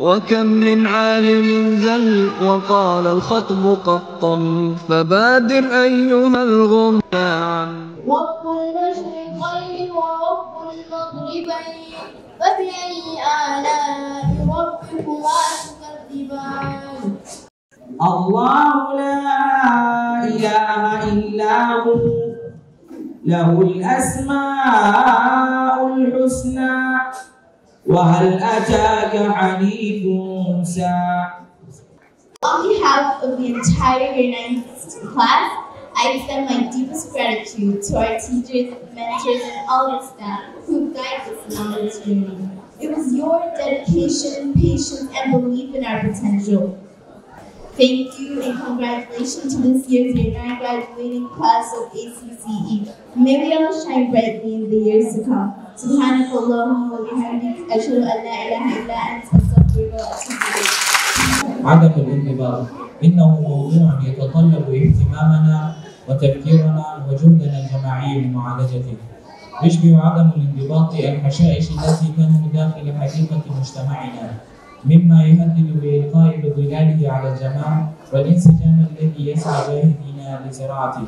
وكم من عالم زل وقال الخطب قطم فبادر أيها الغمام رب المشرقين ورب المغربين فبأي آلاء ربكما تكذبان الله لا إله إلا هو له الأسماء الحسنى وهل أتاك حديث موسى On behalf of the entire United class, I extend my deepest gratitude to our teachers, mentors, and all the staff who guided us along this journey. It was your dedication, patience, and belief in our potential Thank you and congratulations to this year's Year nine graduating class of ACCE. May we all shine brightly in the years to come. سبحانك اللهم وبحمدك أشهد أن لا إله إلا أنت أستغفرك وأتوب إليك. عدم الانضباط إنه موضوع يتطلب اهتمامنا وتفكيرنا وجهدنا الجماعي لمعالجته. يشبه عدم الانضباط الحشائش التي تنمو داخل حديقة مجتمعنا مما يهدد بإلقاء بظلاله على الجماعة والانسجام الذي يسعى به دينا لزراعته.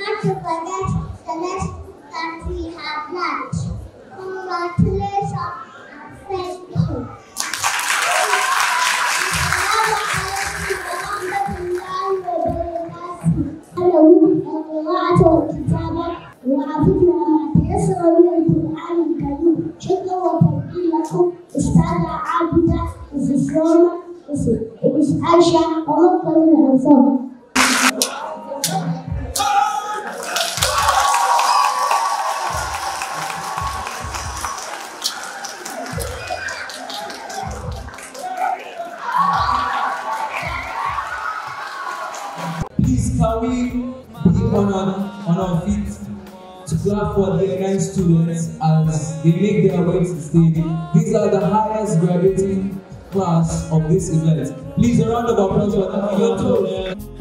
Not to forget the next that we have learned. Congratulations. استاذة عابدة وفي سلومة وفي عائشة ومكة من الأنصار clap for the NN students as they make their way to the stage. These are the highest graduating class of this event. Please a round of applause for them.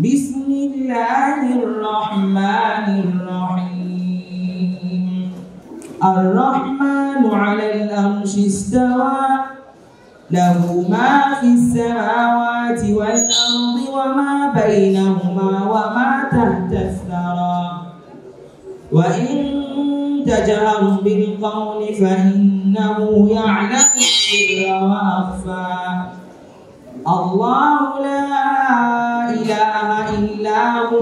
بسم الله الرحمن الرحيم الرحمن على الأرش استوى له ما في السماوات والأرض وما بينهما وما تحت الثرى وإن تجهر بالقول فإنه يعلم السر وأخفى الله لا إله إلا هو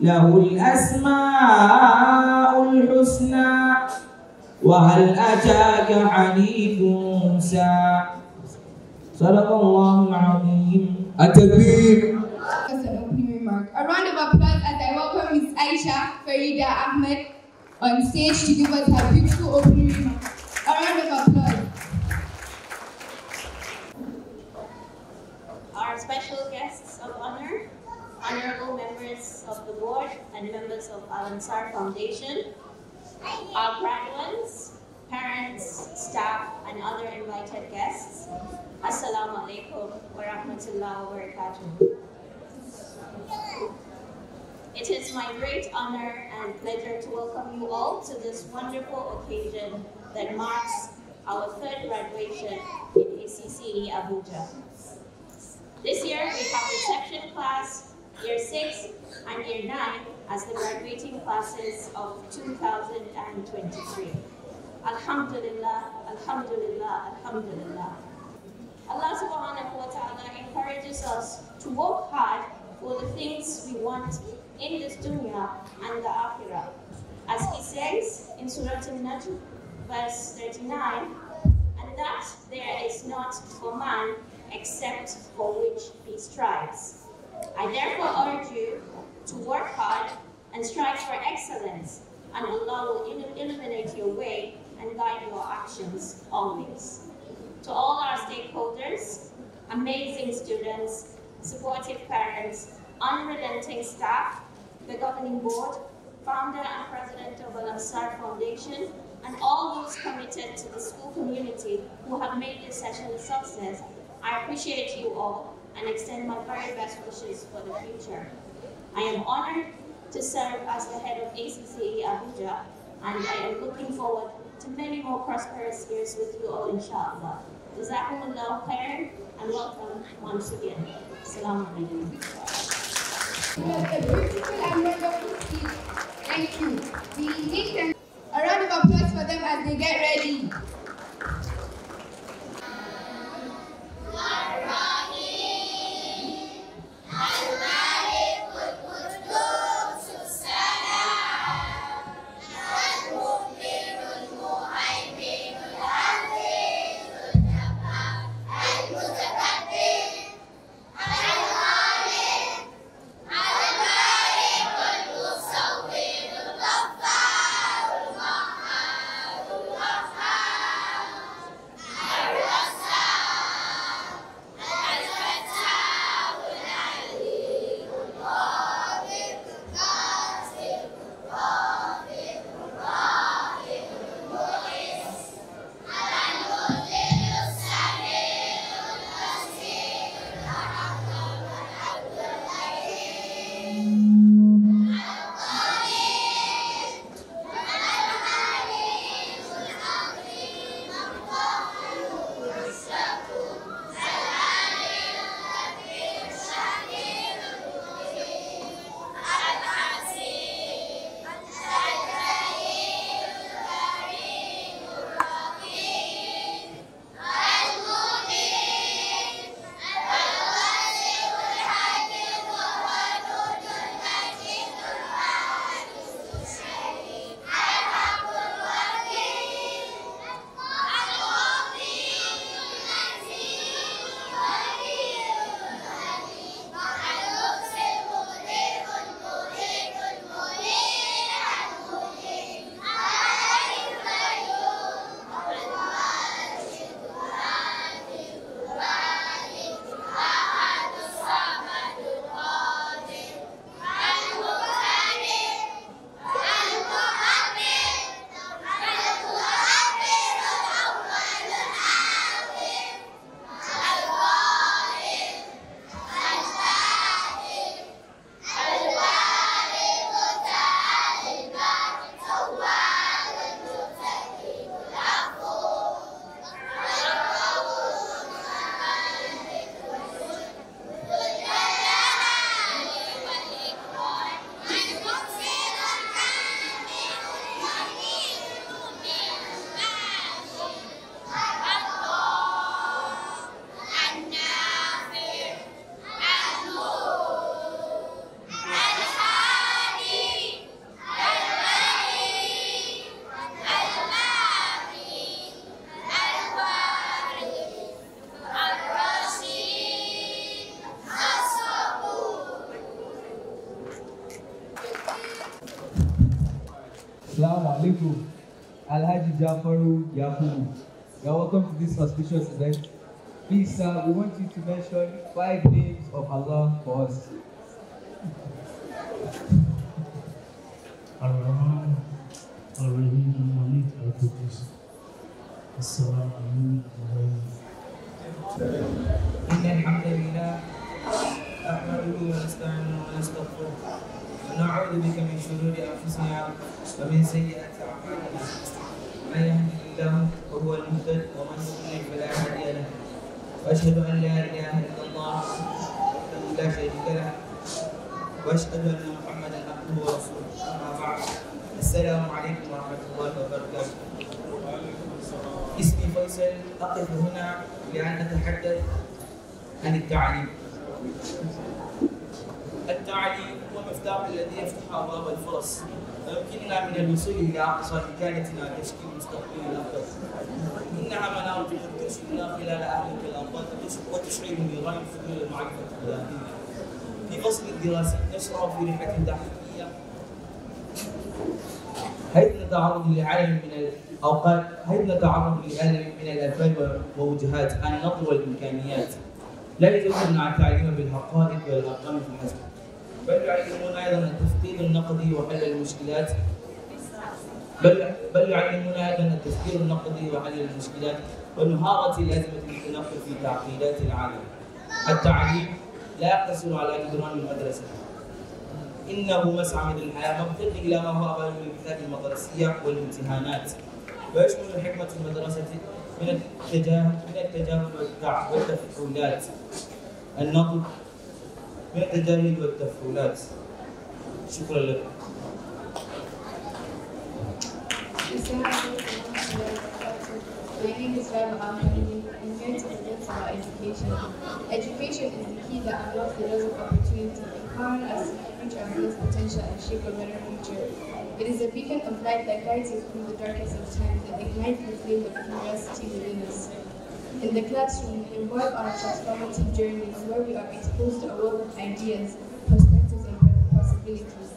له الأسماء الحسنى وهل أتاك حديث موسى صدق الله العظيم التكبير A round of applause as I welcome Ms. Aisha Farida Ahmed on stage to give us her beautiful opening remarks. A round of applause. our special guests of honor, honorable members of the board and members of Al Ansar Foundation, our graduates, parents, staff, and other invited guests. Assalamu alaikum wa rahmatullahi wa barakatuh. It is my great honor and pleasure to welcome you all to this wonderful occasion that marks our third graduation in ACCE Abuja. This year, we have reception class, year six, and year nine as the graduating classes of 2023. Alhamdulillah, Alhamdulillah, Alhamdulillah. Allah subhanahu wa ta'ala encourages us to work hard for the things we want in this dunya and the akhirah. As he says in Surah Al-Najm, verse 39, and that there is not for man except for which he strives. I therefore urge you to work hard and strive for excellence, and Allah will illuminate your way and guide your actions always. To all our stakeholders, amazing students, supportive parents, unrelenting staff, the governing board, founder and president of Al Ansar Foundation, and all those committed to the school community who have made this session a success, I appreciate you all and extend my very best wishes for the future. I am honored to serve as the head of ACCA Abuja, and I am looking forward to many more prosperous years with you all, inshallah. Jazakumullah khair, and welcome once again. Assalamu alaikum. Thank you. We need A round of applause for them as they get ready. Jafaru Yakubu. You are welcome to this auspicious event. Please, sir, we want you to mention five names of Allah for us. أقف هنا لأن نتحدث عن التعليم التعليم هو المفتاح الذي يفتح أبواب الفرص ويمكننا من الوصول إلى أقصى إمكانتنا تشكيل مستقبل الأفضل. إنها منار من خلال أهلك الأرض وتشعرني بغير فضول المعرفة الذاتية في فصل الدراسة نشرع في رحلة تحت هل نتعرض لعالم من الأوقات هل تعرض لعالم من الأفكار ووجهات النقد والإمكانيات لا يجوز عن تعليم بالحقائق والأرقام فحسب بل يعلمون أيضا التفكير النقدي وحل المشكلات بل بل يعلمون ايضا التفكير النقدي وحل المشكلات ونهارة الازمه التنقل في تعقيدات العالم. التعليم لا يقتصر على جدران المدرسه إنه مسعى من الحياة مبطل إلى ما هو أبعد من الكتاب المدرسية والامتحانات ويشمل الحكمة المدرسة من التجاهل من التجاهل والتفعولات النقد من التجاهل والتفعولات شكرا لكم My name is Rabbi Ahmed. I'm here to present our education. Education is the key that unlocks the doors of opportunity crown as French Armenia's potential and shape a better future. It is a beacon of light that guides us through the darkest of times and ignites the flame of curiosity within us. In the classroom, we embark on a transformative journey where we are exposed to a world of ideas, perspectives, and possibilities.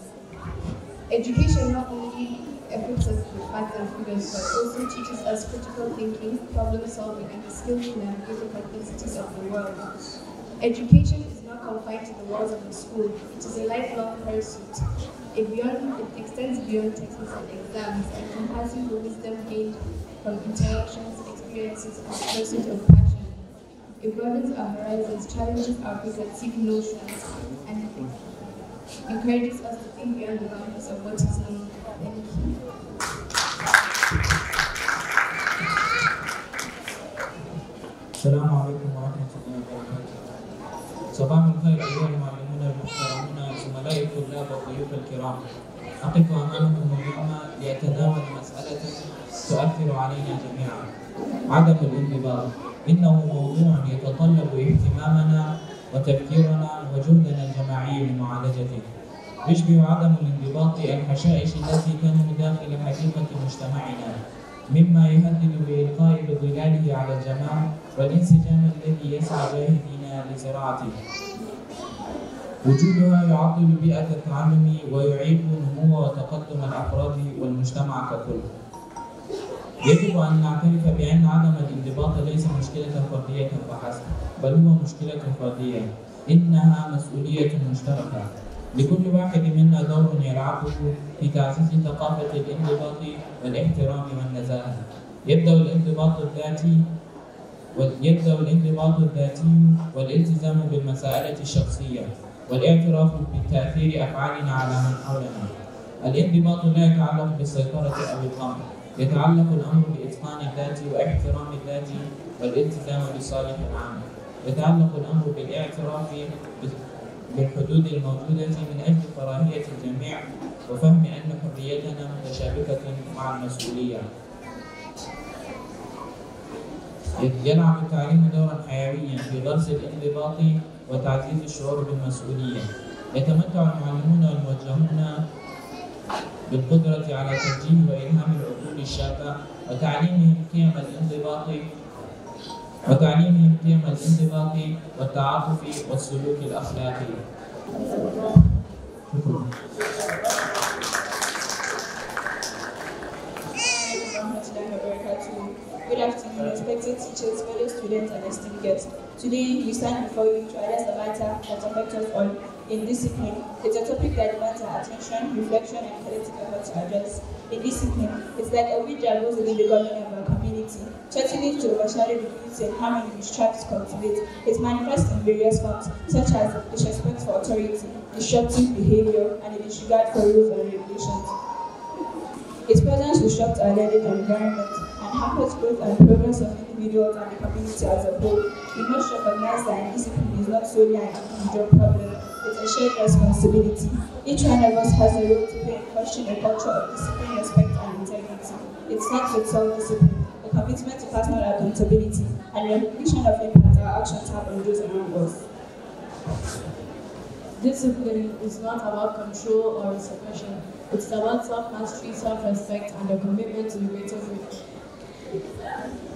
Education not only equips us with facts and figures, but also teaches us critical thinking, problem solving, and the skills to navigate the complexities of the world. Education not confined to the walls of the school. It is a lifelong pursuit. It, beyond, it extends beyond textbooks and exams, encompassing the wisdom gained from interactions, experiences, and pursuit of passion. It broadens our horizons, challenges our preconceived notions, and encourages us to think beyond the boundaries of what is known. Thank you. صباح الخير أيها المعلمون المحترمون زملائي الطلاب والضيوف الكرام أقف أمامكم اليوم لأتناول مسألة تؤثر علينا جميعا عدم الانضباط إنه موضوع يتطلب اهتمامنا وتفكيرنا وجهدنا الجماعي لمعالجته يشبه عدم الانضباط الحشائش التي تنمو داخل حديقة مجتمعنا مما يهدد بإلقاء الحمد على الجماعة والانسجام الذي يسعى باهتنا لزراعته وجودها يعطل بيئة التعلم ويعيب نمو وتقدم الأفراد والمجتمع ككل يجب أن نعترف بأن عدم الانضباط ليس مشكلة فردية فحسب بل هو مشكلة فردية إنها مسؤولية مشتركة لكل واحد منا دور يلعبه في تعزيز ثقافة الانضباط والاحترام والنزاهة يبدأ الانضباط الذاتي يبدأ الانضباط الذاتي والالتزام بالمسائل الشخصية والاعتراف بتأثير أفعالنا على من حولنا الانضباط لا يتعلق بالسيطرة أو الأمر يتعلق الأمر بإتقان الذات واحترام الذات والالتزام بصالح العمل يتعلق الأمر بالاعتراف بالحدود الموجودة من أجل كراهية الجميع وفهم أن حريتنا متشابكة مع المسؤولية إذ يلعب التعليم دورا حيويا في غرس الانضباط وتعزيز الشعور بالمسؤولية يتمتع المعلمون والموجهون بالقدرة على تسجيل وإلهام العقول الشابة وتعليمهم قيم الانضباط وتعليمهم قيم الانضباط والتعاطف والسلوك الأخلاقي. شكرا. Good afternoon, respected teachers, fellow students, and esteemed guests. Today, we stand before you to address the matter that affects us all in discipline. It's a topic that demands our attention, reflection, and collective effort to address. In discipline, it's like a weed that grows within the government of our community. Certainly, to overshadow the beauty and harmony which strives to cultivate, it manifests in various forms, such as disrespect for authority, disruptive behavior, and a disregard for rules and regulations. Its presence disrupts our learning environment hampers growth and progress of individuals and the community as a whole. We must recognize that discipline is not solely an individual problem, it's a shared responsibility. Each one of us has a role to play in fostering a culture of discipline, respect, and integrity. It starts with self-discipline, a commitment to personal accountability, and recognition of impact our actions have on those around us. Discipline is not about control or suppression. It's about self-mastery, self-respect, and a commitment to the greater good.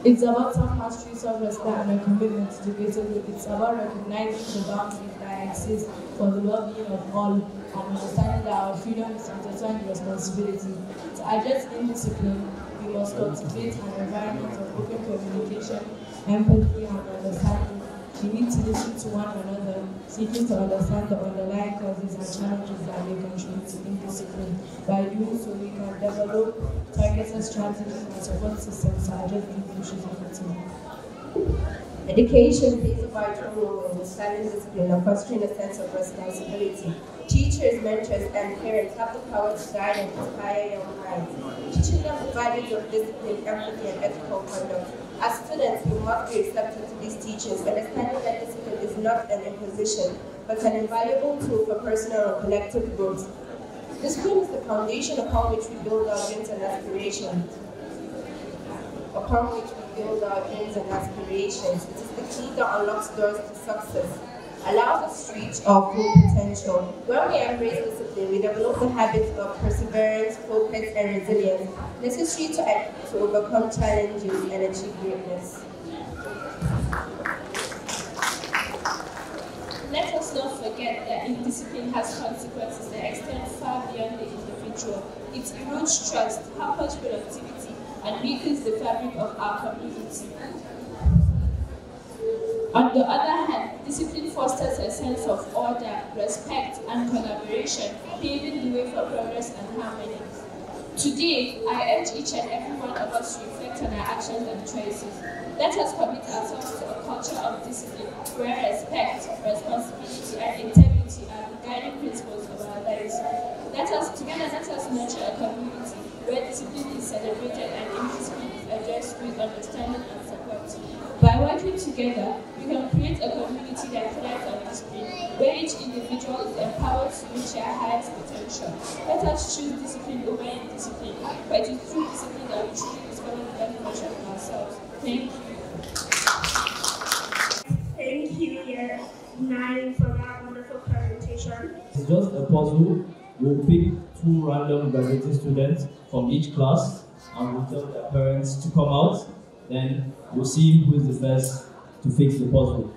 It's about self-mastery, self-respect, and a commitment to greater good. It's about recognizing the boundaries that exist for the well-being of all and understanding that our freedom is intertwined with responsibility. To address indiscipline, we must cultivate an environment of open communication, empathy, and understanding we need to listen to one another, seeking to understand the underlying causes and challenges that may contribute to indiscipline. By doing so, we can develop targeted strategies and support systems to address these issues effectively. Education plays a vital role in understanding discipline and fostering a sense of responsibility. Teachers, mentors, and parents have the power to guide and inspire young minds. Teaching them the values of discipline, empathy, and ethical conduct as students, we must be receptive to these teachings, understanding that discipline is not an imposition, but an invaluable tool for personal or collective growth. Discipline is the foundation upon which we build our dreams and aspirations. Upon which we build our dreams and aspirations. It is the key that unlocks doors to success allows us to reach our full potential. When we embrace discipline, we develop the habits of perseverance, focus, and resilience necessary to, to overcome challenges and achieve greatness. Let us not forget that indiscipline has consequences that extend far beyond the individual. It erodes trust, hampers productivity, and weakens the fabric of our community. On the other hand, discipline fosters a sense of order, respect, and collaboration, paving the way for progress and harmony. Today, I urge each and every one of us to reflect on our actions and choices. Let us commit ourselves to a culture of discipline, where respect, responsibility, and integrity are the guiding principles of our lives. Let us, together, let us nurture a community where discipline is celebrated and indiscipline is addressed with understanding and support. By working together, we can create a community that thrives on this where each individual is empowered to reach their highest potential. Let us choose discipline over discipline, but it is through discipline that we truly discover the best version of ourselves. Thank you. Thank you, Year 9, for that wonderful presentation. It's just a puzzle. We'll pick two random graduating students from each class and we'll tell their parents to come out then we'll see who is the first to fix the puzzle.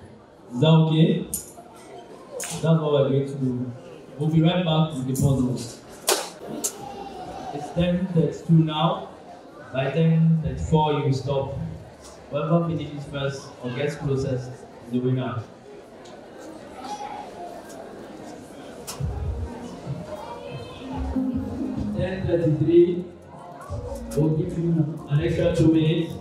Is that okay? That's what we're going to do. We'll be right back with the puzzles. It's 10.32 now. By 10.34 you stop. Whoever finishes first or gets closest is the winner. Ten thirty-three. We'll give you an extra two minutes.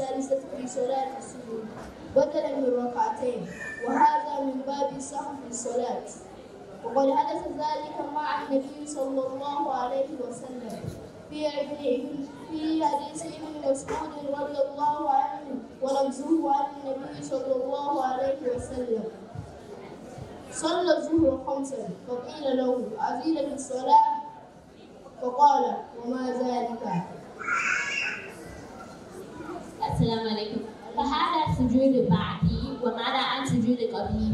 الثالثة في صلاة السجود بدلا من ركعتين وهذا من باب السهو في الصلاة وقد حدث ذلك مع النبي صلى الله عليه وسلم في في حديث ابن مسعود رضي الله عنه ولفظه عن النبي صلى الله عليه وسلم صلى الظهر خمسا فقيل له أزيد في الصلاة فقال وما ذلك السلام عليكم فهذا سجود بعدي وماذا عن سجود قبلي؟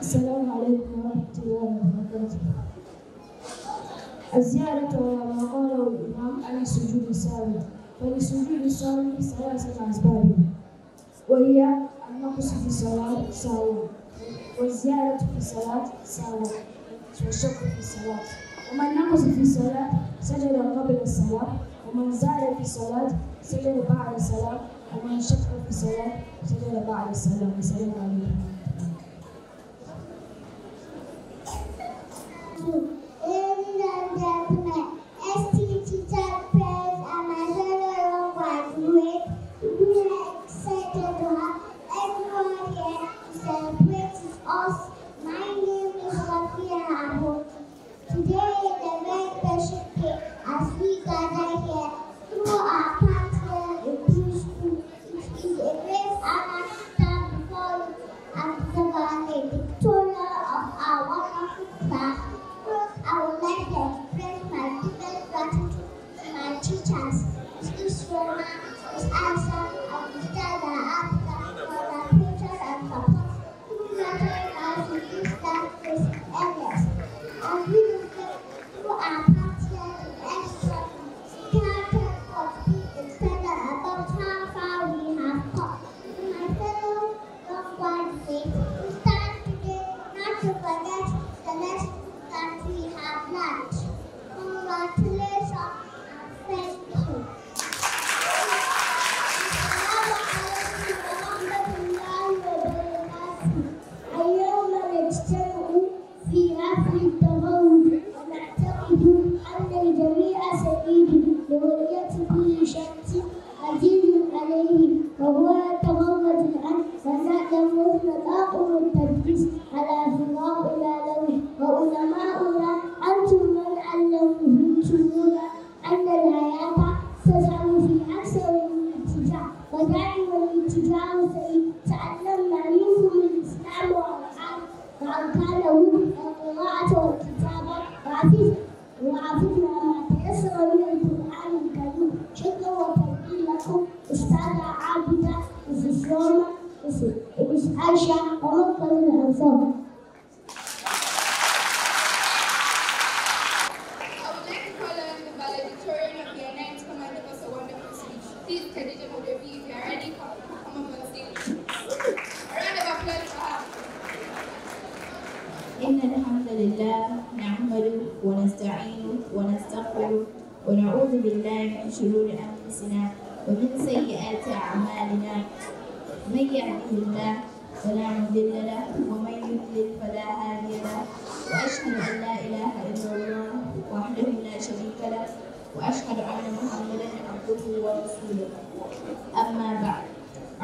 السلام عليكم ورحمة الله وبركاته الزيارة وما قاله الإمام عن السجود السابق فلسجود السابق ثلاثة أسباب وهي النقص في الصلاة ساوى والزيادة في الصلاة ساوى والشك في الصلاة ومن نقص في الصلاة سجد قبل الصلاة ومن زال في صلاة سجد بعد السلام ومن شك في صلاة سجد بعد السلام عليكم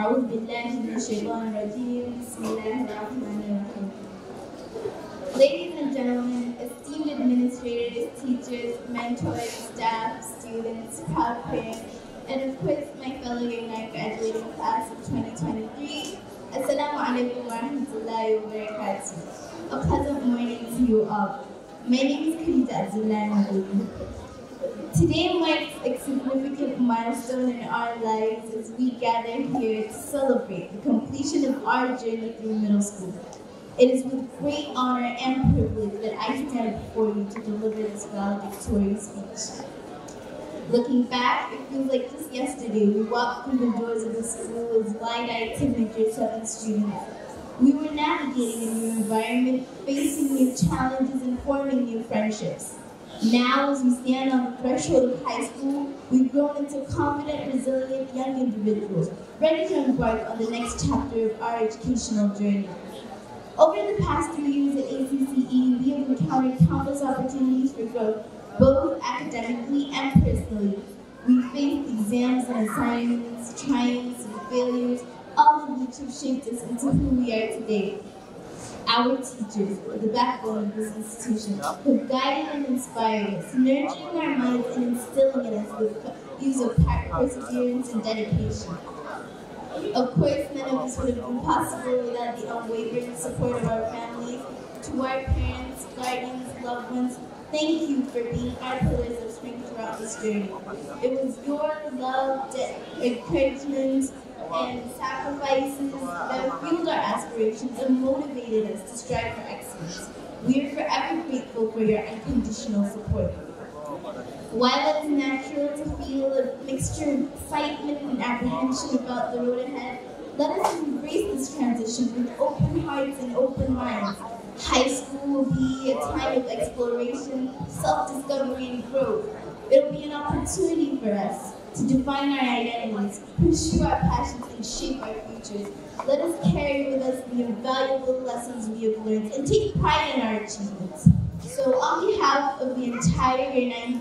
أعوذ بالله من الشيطان الرجيم بسم الله الرحمن الرحيم Ladies and gentlemen, esteemed administrators, teachers, mentors, staff, students, proud parents, and of course my fellow UNI graduating class of 2023, Assalamu alaikum wa rahmatullahi wa barakatuh. A pleasant morning to you all. My name is Khadija Abdullah today marks a significant milestone in our lives as we gather here to celebrate the completion of our journey through middle school. It is with great honor and privilege that I stand before you to deliver this valedictorian speech. Looking back, it feels like just yesterday we walked through the doors of the school as wide-eyed signature 7th students. We were navigating a new environment, facing new challenges, and forming new friendships. Now, as we stand on the threshold of high school, we've grown into confident, resilient young individuals, ready to embark on the next chapter of our educational journey. Over the past three years at ACCE, we have encountered countless opportunities for growth, both academically and personally. We faced exams and assignments, triumphs and failures, all of which have shaped us into who we are today our teachers were the backbone of this institution, who guided and inspired us, nurturing our minds and instilling in us the use of perseverance and dedication. Of course, none of this would have been possible without the unwavering support of our families, to our parents, guardians, loved ones, Thank you for being our pillars of strength throughout this journey. It was your love, encouragement, and sacrifices that fueled our aspirations and motivated us to strive for excellence. We are forever grateful for your unconditional support. While it's natural to feel a mixture of excitement and apprehension about the road ahead, let us embrace this transition with open hearts and open minds. High school will be a time of exploration, self-discovery, and growth. It will be an opportunity for us to define our identities, pursue our passions, and shape our futures. Let us carry with us the invaluable lessons we have learned and take pride in our achievements. So on behalf of the entire Year 9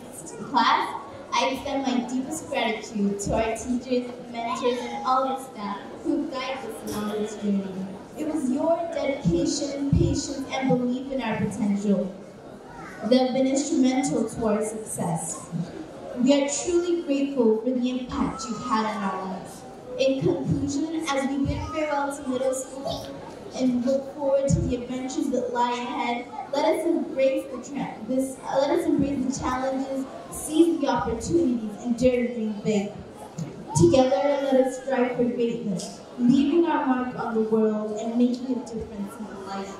class, I extend my deepest gratitude to our teachers, mentors, and all the staff who guided us along this journey. It was your dedication, patience, and belief in our potential that have been instrumental to our success. We are truly grateful for the impact you've had on our lives. In conclusion, as we bid farewell to middle school and look forward to the adventures that lie ahead, let us embrace the this, uh, let us embrace the challenges, seize the opportunities, and dare to dream big. Together, let us strive for greatness, leaving our mark on the world and making a difference in the life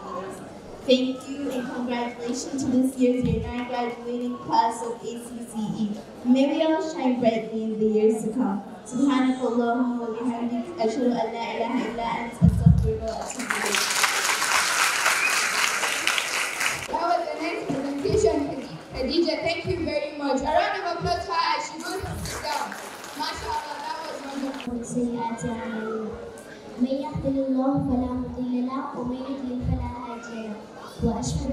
Thank you and congratulations to this year's Year 9 graduating class of ACCE. May we all shine brightly in the years to come. سبحانك اللهم وبحمدك أشهد أن لا إله إلا أنت That was presentation, Khadija. Thank you very much. A round of applause for her as she wrote this down. MashaAllah, that was wonderful. سيئات أعمالنا. من يهده الله فلا وأشهد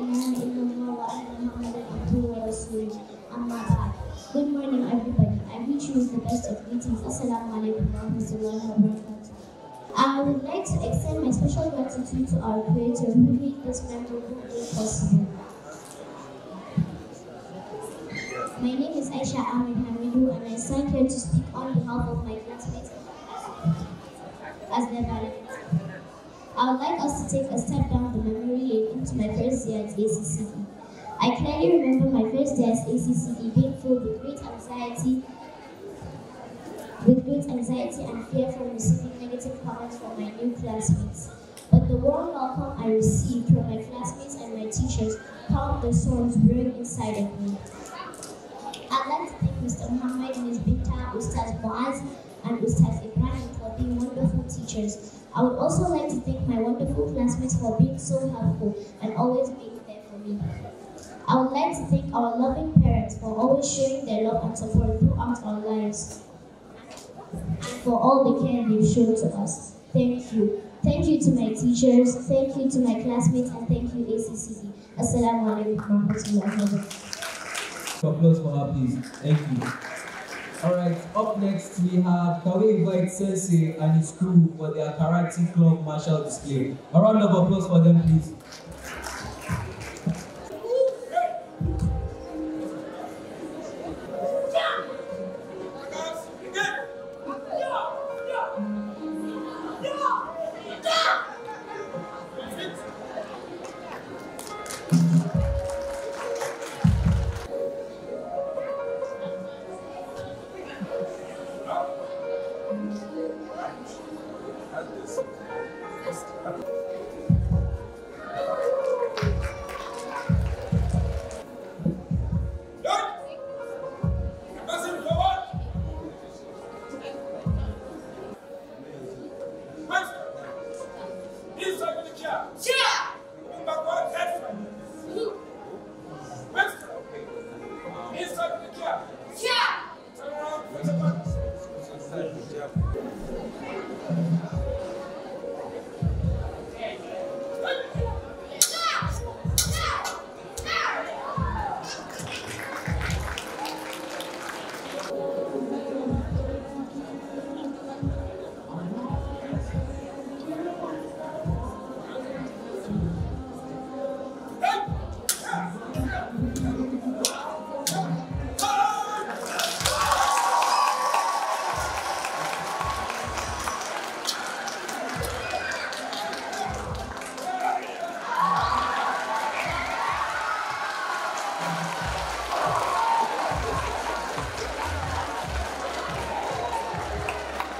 أن لا إله إلا الله وأن محمدا عبده ورسوله Good morning everybody. I wish you the best of greetings. Assalamu alaikum wa rahmatullahi wa I would like to extend my special gratitude to our Creator who made this memorable day possible. My name is Aisha Ahmed Hamidu, and I stand here to speak on behalf of my classmates as their validation. I would like us to take a step down the memory lane into my first year at ACCE. I clearly remember my first day at ACCE being filled with great anxiety, with great anxiety and fear from receiving negative comments from my new classmates. But the warm welcome I received from my classmates and my teachers calmed the storms brewing inside of me. I'd like to thank Mr. Muhammad, Ms. Binta, Ustaz Boaz, and Ustaz Ibrahim for being wonderful teachers I would also like to thank my wonderful classmates for being so helpful and always being there for me. I would like to thank our loving parents for always showing their love and support throughout our lives and for all the care they've shown to us. Thank you. Thank you to my teachers, thank you to my classmates, and thank you ACCD. Assalamu alaikum wa rahmatullahi wa barakatuh. Applause for her, please. Thank you. Alright, up next we have Kawe Invite Sensei and his crew for their Karate Club martial display. A round of applause for them, please. Thank you.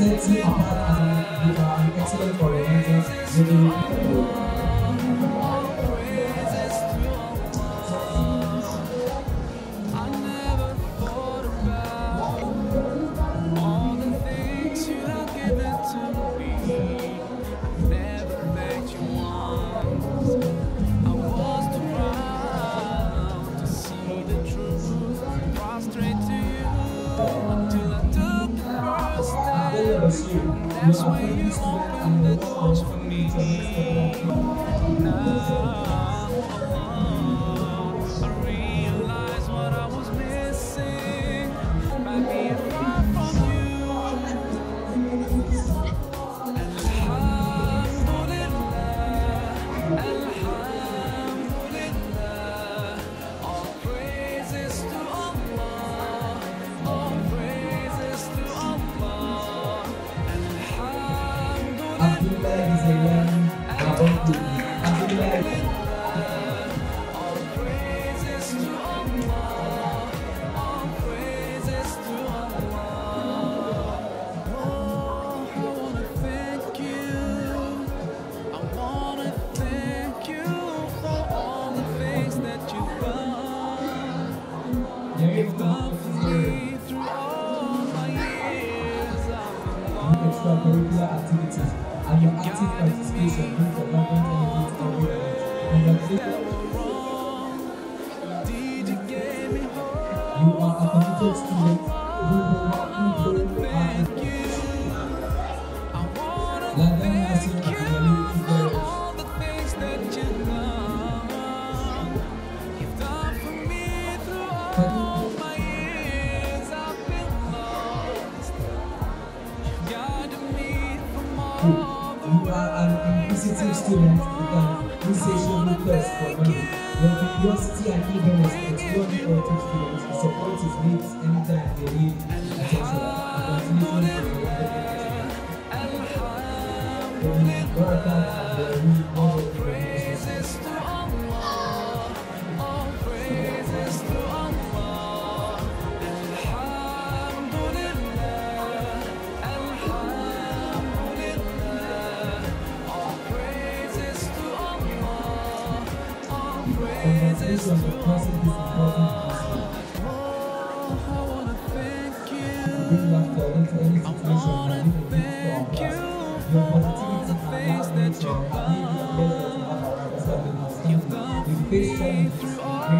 再见的。curiosity and eagerness to explore new is anytime they need attention and focus on the person who is involved in Bring laughter into any situation and you Your positivity can now lead to our behavior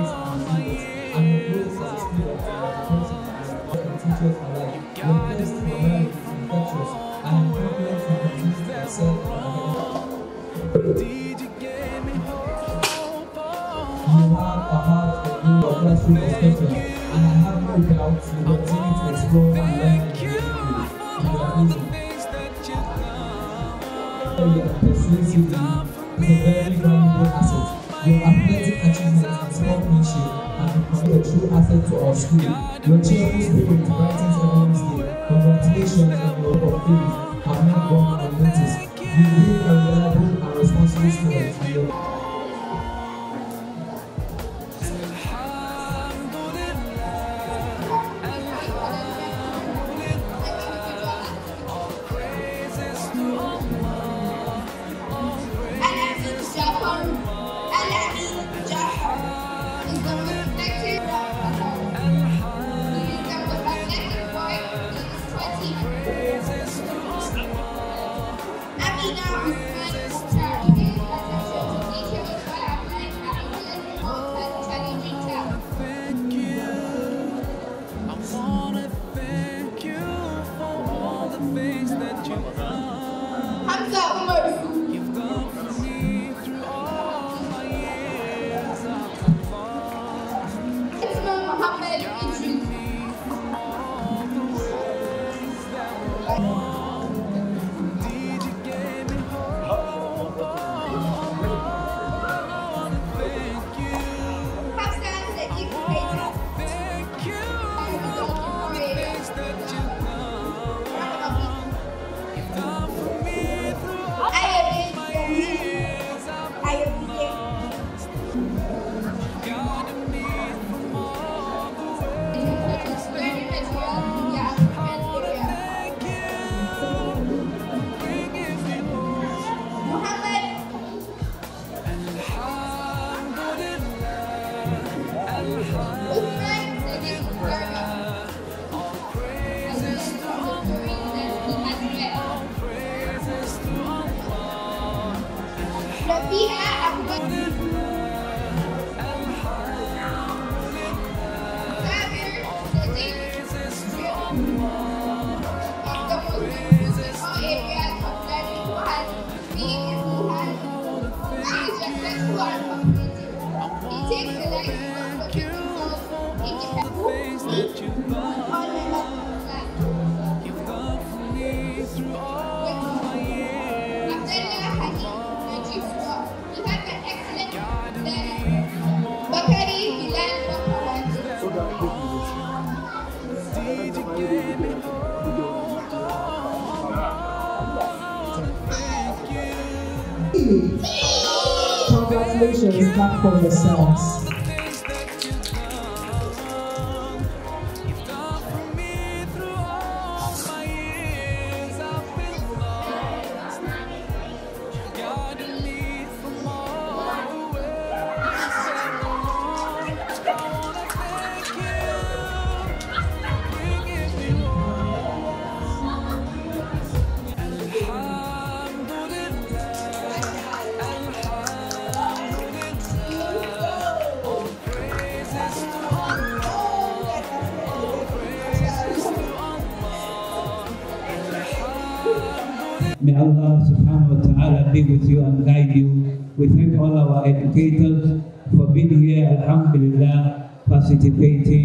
be with you and guide you. We thank all our educators for being here, alhamdulillah, participating.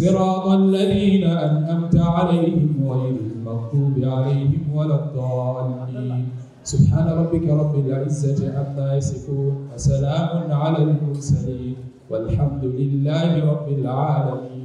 صراط الذين أنعمت عليهم غير المغضوب عليهم ولا الضالين سبحان ربك رب العزة عما يصفون وسلام على المرسلين والحمد لله رب العالمين